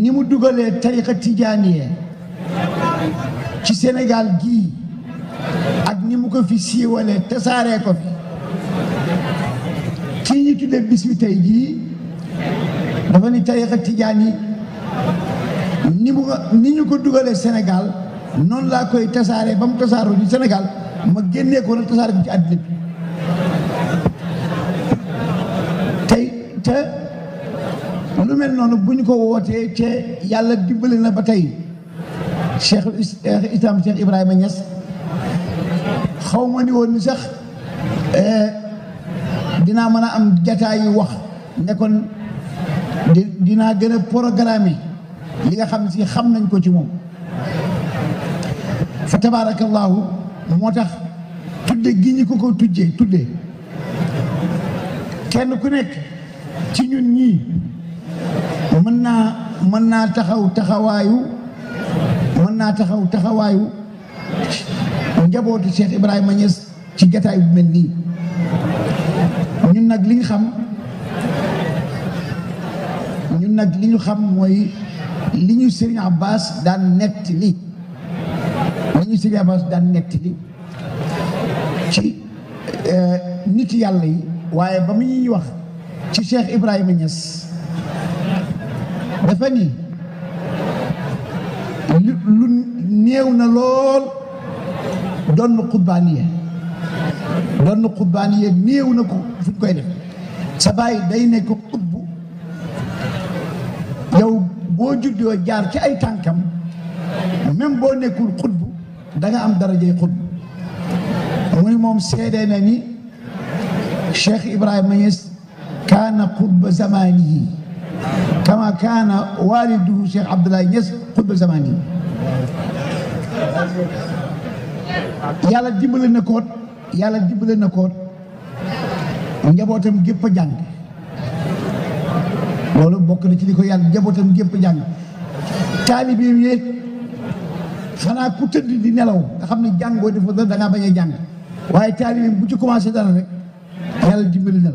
ni mu dugalee tariqa tijaaniyee ci Sénégal gii ak ni mu ko fi siiwalee tasaaree ko fi kii ñu tuddee bis bi tey jii dafa ni tariqa tijaan yi ni mu ni ñu ko dugalee Sénégal noonu laa koy tasaaree ba mu tasaaroo ci Sénégal ma génnee ko na tasaare ko ci àddina bi tey te lu mel noonu bu ñu ko wootee ca yàlla dimbali na ba tey cheikh itam cheikh Ibrahima Niass xawma ni woon ni sax eh, dinaa mën a am jataayu wax ne kon dinaa gën a programme li nga xam si xam nañ ko ci moom fa tabaarakallaahu moo tax tudde gi ñu ko ko tujjee tudde kenn ku nekk ci ñun ñii mën naa mën naa taxaw taxawaayu mën naa taxaw taxawaayu njabootu Cheikh Ibrahima Niass ci jataay bu mel nii ñun nag li ñu xam ñu nag li ñu xam mooy li ñu Serigne Abbas daan nett li li ñu Serigne Abbas daan nett li ci eh, nit yàlla yi waaye ba mu ñuy wax ci Cheikh Ibrahima Niass dafa ni lu néew na lool doon xutbaaniye doon xutbaaniye néew na ko fu ñu koy def sa baay day nekk xutb yow boo jaar ci ay tànkam même boo nekkul xutb da nga am darajey xutb mu ni moom seede na ni Cheikh Ibrahima Niass kaana xutba zamanihi kama kaana waaliduhu Cheikh Abdoulaye Niass xutbal zamani yàlla dimbale na koot yàlla dimbale na koot njabootam gépp a jàng loolu bokk na ci li ko yàlla njabootam gépp a jàng taalibeem yi xanaa ku di nelaw nga xam ne jàngoo dafa da ngaa bañ a jàng waaye taalibeem bu ci commencé dara rek yàlla dimbale na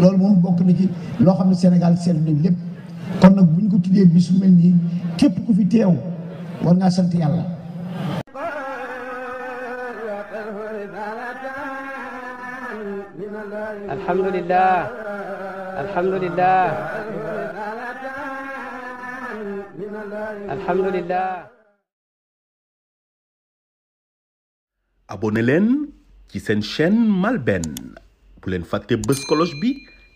loolu moom bokk na ci loo xam ne senegal seetlu nañ lépp kon nag bu ñu ko tuddee bis bu képp ku fi teew war ngaa sant yàlla. alhamdulilah alhamdulilah alhamdulilah. abonné leen ci seen chaîne MALBN bu leen fàtte bës cloche bi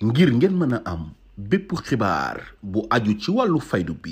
ngir ngeen mën a am bépp xibaar bu aju ci wàllu faydu bi